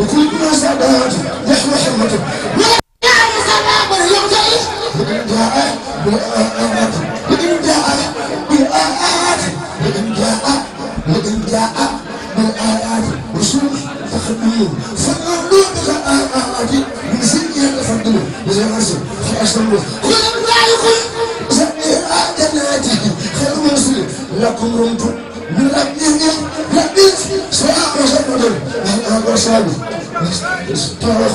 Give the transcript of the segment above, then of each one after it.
وكل ما زادت يحوى حمته يعني سلام يرجعي لمن جاء بالآيات لمن جاء بالآيات لمن جاء لمن جاء بالآيات رسول فخدموه فقالوا بالآيات من سنين فخدموه بزي الرسول فأسلموه كل ما يقول زمير آيات ناتي خير مسلم لكم رمت من أبنهم الأصابع استرخ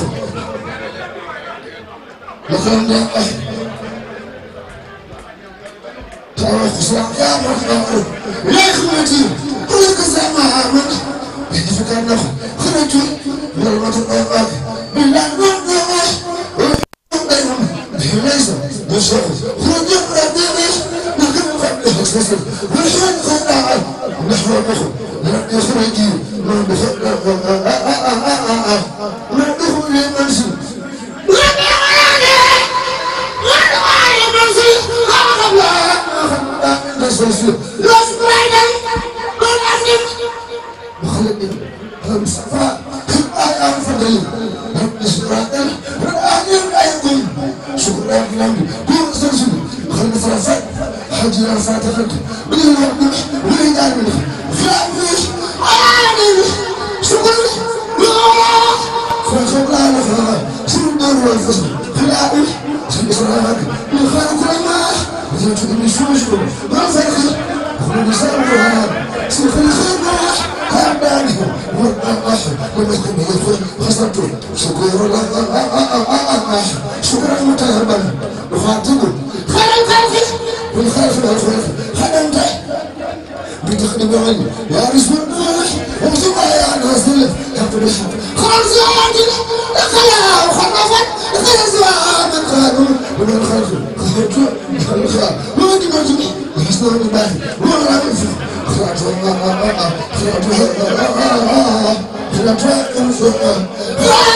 وكان أهل تاريخ يا مرحبا يا إخوتي كل كزعما عامل بحيث كان نخو خرجوا من المطلقات بالله نعمل ويقوم بحميزة بالشغل خرجوا من المطلقات نقوم بحميزة بالشغل ونحن نخو نحن نخو يخرج من من دخول المنزل لم يراني من وعي المنزل خلق الله من تسلسل لست بعيدا من أسلم وخلقني خمسة شكرا متقبلا وخاطبه خير الخلق من خلف الخلق هذا انت بتخدم العلم يا رسول الله وبتبقى يا رسول الله يقول الحق خرج زواجنا اخلاها وخرفا غير زواج من قالوا من الخلف خرجوا من الخلف ما دي مجمع وحسن الله ما رأي فيه خرج الله خرج الله خرج الله خرج الله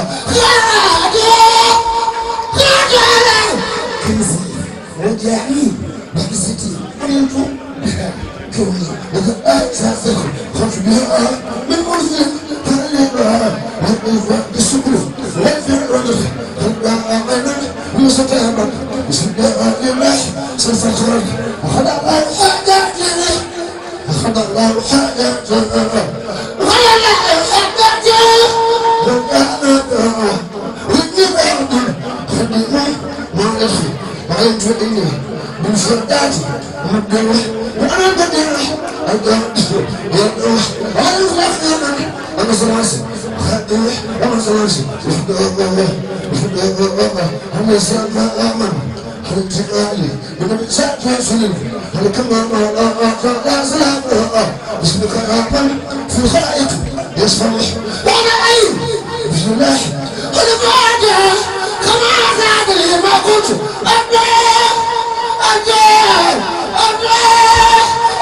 Adore! Adore! Adore!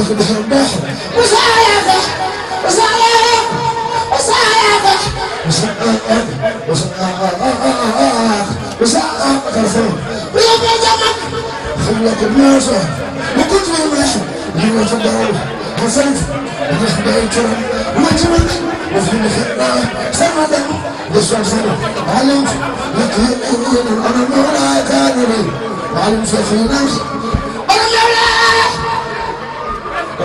dafa defaroon baax Moussa Yaaka Moussa Yaaka Moussa Yaaka Moussa Yaaka Moussa Yaaka Moussa Yaaka téléphone bu yóbboo jaman xam nga ko bu ñëwee soo bu continué mu nekk ñu ngi fa daaw ba sant bu nekk daaw coono bu ma ci mën ba fi mu nekk daaw sama dem ba soog sama alim nekk yéen yéen amal ma wala kaa ne waalim soo fi nekk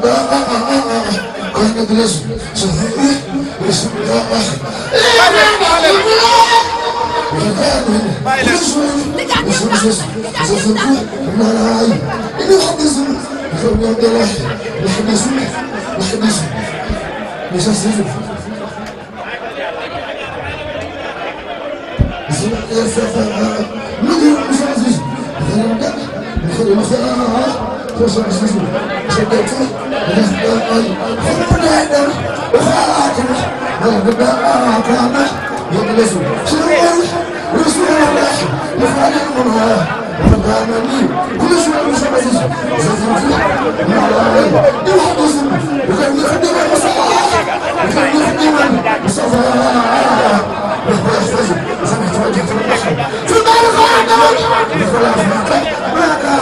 God bless you. So, Look at person is listening. I said, that's it. That's the one. Think about it. What's our argument? No, the bad argument. You have to listen. So the world, we're still in a nation. We're not in one hole. We're not in a new. We're still in a situation. It's a thing. We're not in a way. You have to listen. You can listen to me. What's our argument? You can listen to me. What's our argument? What's our argument? What's our argument? What's our argument? What's our argument? What's our argument? What's our argument?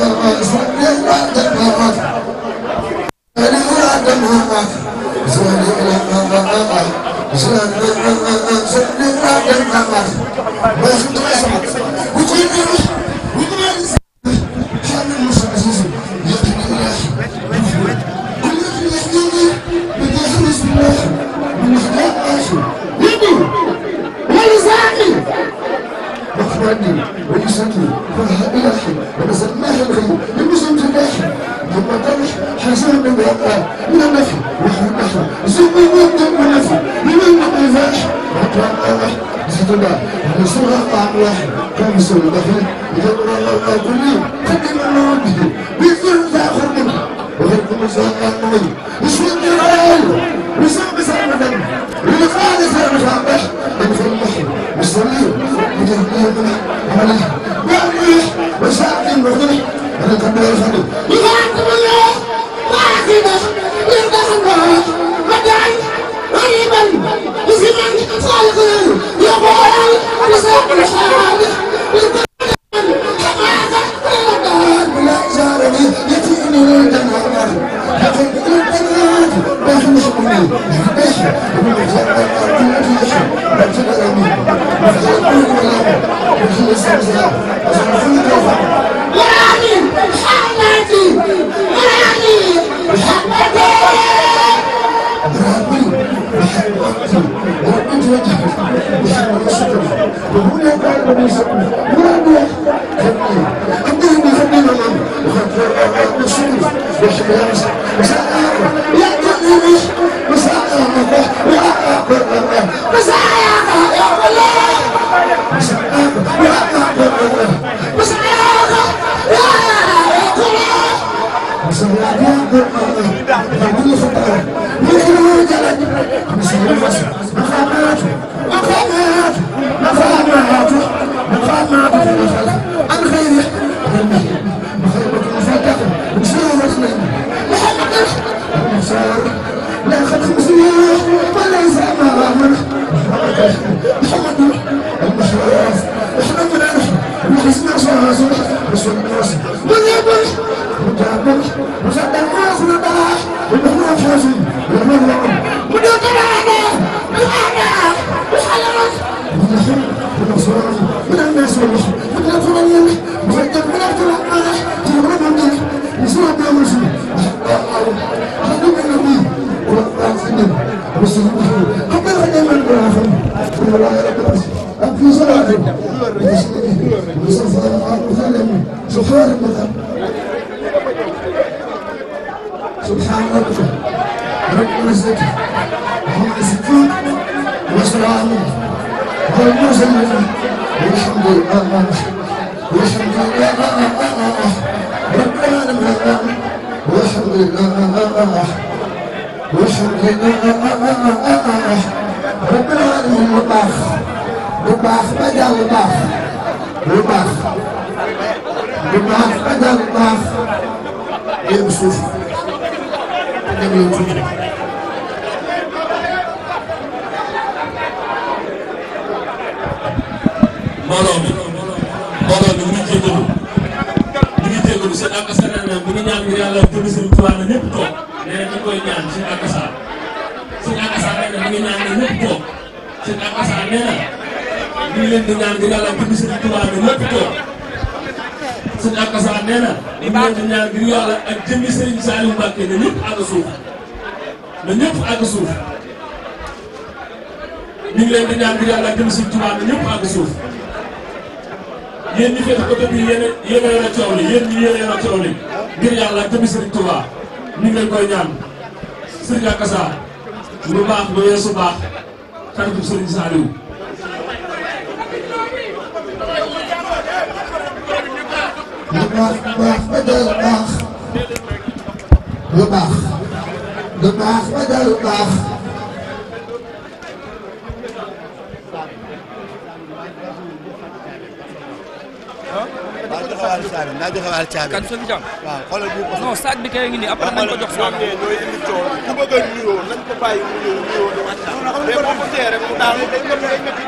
Thank you. Bismillah Rasulullah ta'ala kan Rasulullah Rasulullah kulli kulli nurud bi kulli zakhir وغيركم سواء من يسوق الرجال ويسوق بسام الدم ويخالي سام الخابش ويخلح ويصلي ويجهديه من عمله ويعمله ويساعدين بغيره أنا قبل الخلق ويعطي بالله ويعطي به ويرضى الله ودعي غريبا مسلما خالق له يقول أنا سأقول حالي الرسول رسول الناس من يبرك مجابك مصدق الناس من الدعاء من الناس يزيد من الله الستة رقم الستة هم ستون وسلام والمسلم والحمد لله والحمد لله رب العالمين والحمد لله والحمد لله رب العالمين وباخ وباخ بدل وباخ وباخ وباخ بدل وباخ يمسوس déglu tuuti rek. mbooloo mi mbooloo mi ñu ngi jégalu ñu ngi jégalu seen akasa naan bu ñu ñaan ngir yàlla jënd seen tubaab na ñëpp toog nee na ñu koy ñaan seen akasa seen akasa nee na mu ngi ñaan na ñëpp toog seen akasa nee na ñu ngi leen di ñaan ngir yàlla jënd seen tubaab na ñëpp toog. sëñ Akassa nee na. li baax di ñaan ngir yàlla ak jëmmi Serigne Saliou Mbacké na ñëpp àgg suuf na ñëpp àgg suuf ñu ngi leen di ñaan ngir yàlla ak jëmmi Serigne Touba na ñëpp àgg suuf yéen ñi fekk oto bi yéen a yéen a yor a coow li yéen ñi yéen a yor a coow li ngir yàlla ak jëmmi Serigne Touba ñu ngi leen koy ñaan Serigne Akassa lu baax lu weesu baax tànku Serigne Saliou. baax baax ba baax lu baax lu baax ba baax naa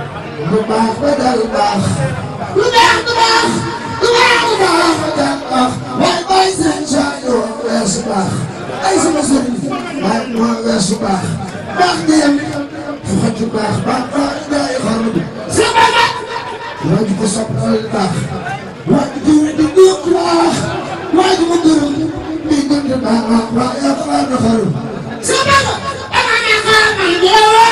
lu baax ba dal baax lu baax du baax lu baax du baax ba dal baax waaye bàyyi seen saa yoo weesu baax ay sama sëriñ waaye moo weesu baax baax di yem fu xaju baax baax baax daay xaru bi sa baax waa ji ko soppal baax waa ji diw di duq baax waa ji mu gërëm di gënd baax waaye yaa ko baax na xaru sa baax amaana xaram ak yow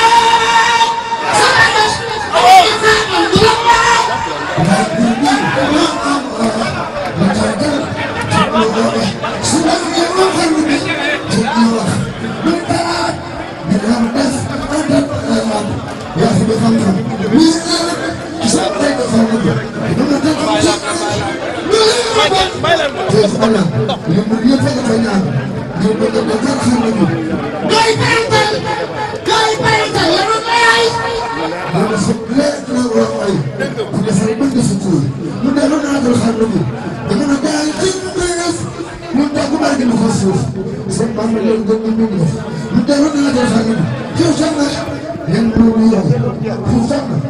Yo dul xar dugub dama ne gars yi ci koy def mu togg barke na ko suuf seen bàmm loolu gën na dugg def mu togg dana dul xar dugub yow sax nga yan loolu yow fu sax nga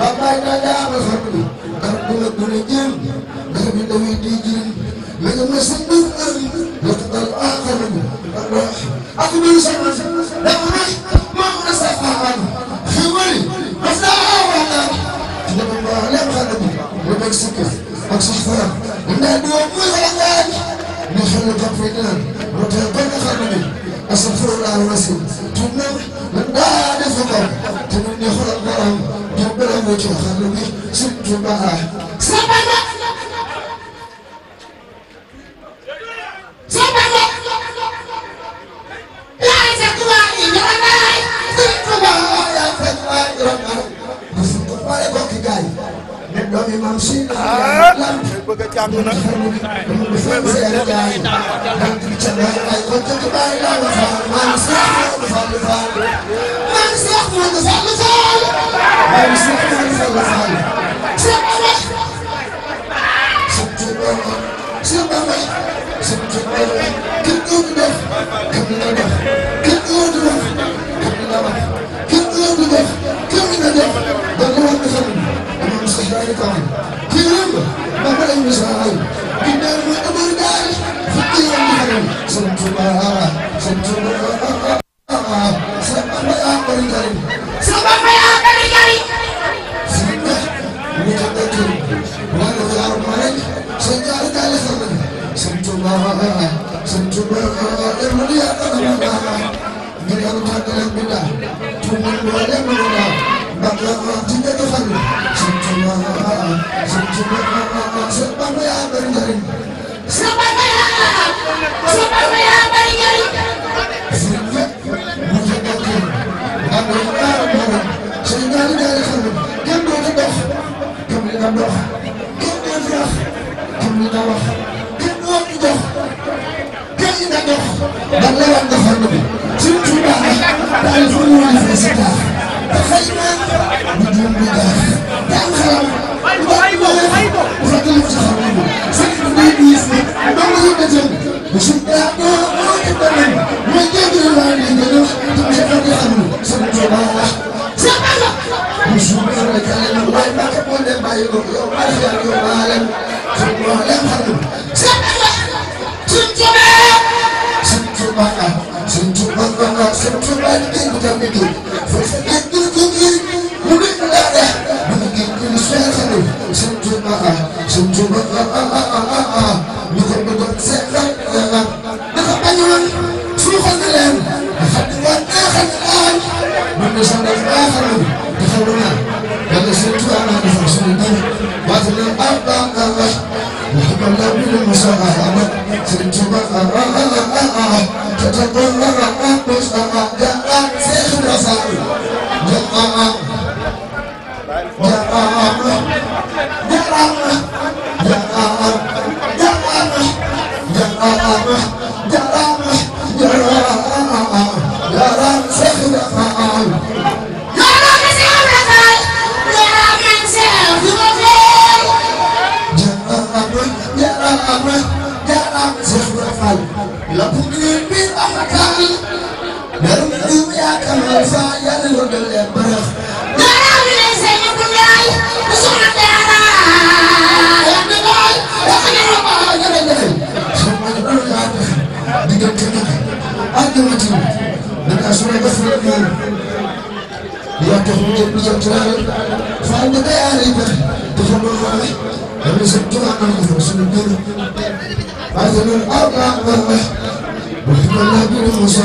babaay naa daa ma xam ni garab bi nag du la jëm garab yi dawee di jëm mais nag mooy seen biir kër yi la ko dal aaxara bi ak biir sama dafa rëy maa ko sa xaaral xéwali mas naa aawaa naa dama mbaa lépp bi lu nekk sa ak sa xaaral ndaa di wax muy xala ngaan ñu man ah, daa def ko te man de xoolal borom te borom moo ci waxal bi suñ Tuuba sabana sabana laa sa Tuuba yi ñoo naay suñ Tuuba yaa fa waay ron maram parce que pare ko ki gaay ne doomi maam si na lamb bëgg a jàng nag Bamba yaa bari njariñ Cheikh Bamba yaa bari njariñ Cheikh Bamba yaa kenn dootu dox kam li nga dox kenn dootu wax kam li nga wax kenn dootu dox kenn li nga dox dan la war nga xam bi suñu Tuuba daal fu ñu wàllu si tax te xëy na bu juum bi daal te am xelam أصل أبقى محمد بن مصعب lay sa yàlla nga dal leen bërëx daraa bi lay sa ñu bu ñaay bu soxna daara yàlla na ñaay dafa ñëw ba ñëw ñëw xam nga ñu doon ñaar diggante na ak ñu ci da nga su rek fu ñu ya tax mu jël bu jëm tiraare fa ñu ko yaari ba dafa doon waale dafa sa tuwa na ko suñu gëna waaye loolu aw ah, ah, ah, ba wax wax ko la bi mo so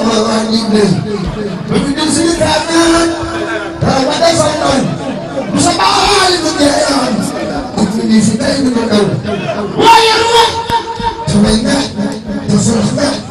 kuma ma digle begitu sini kerana Ramadhan Sultan bisa mahal itu jayaan itu di sini itu kau wah ya rumah sebenarnya terserah